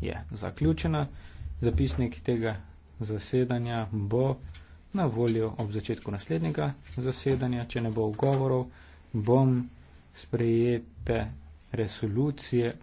je zaključena. Zapisnik tega zasedanja bo na voljo ob začetku naslednjega zasedanja. Če ne bo ugovorov, bom sprejete resolucije.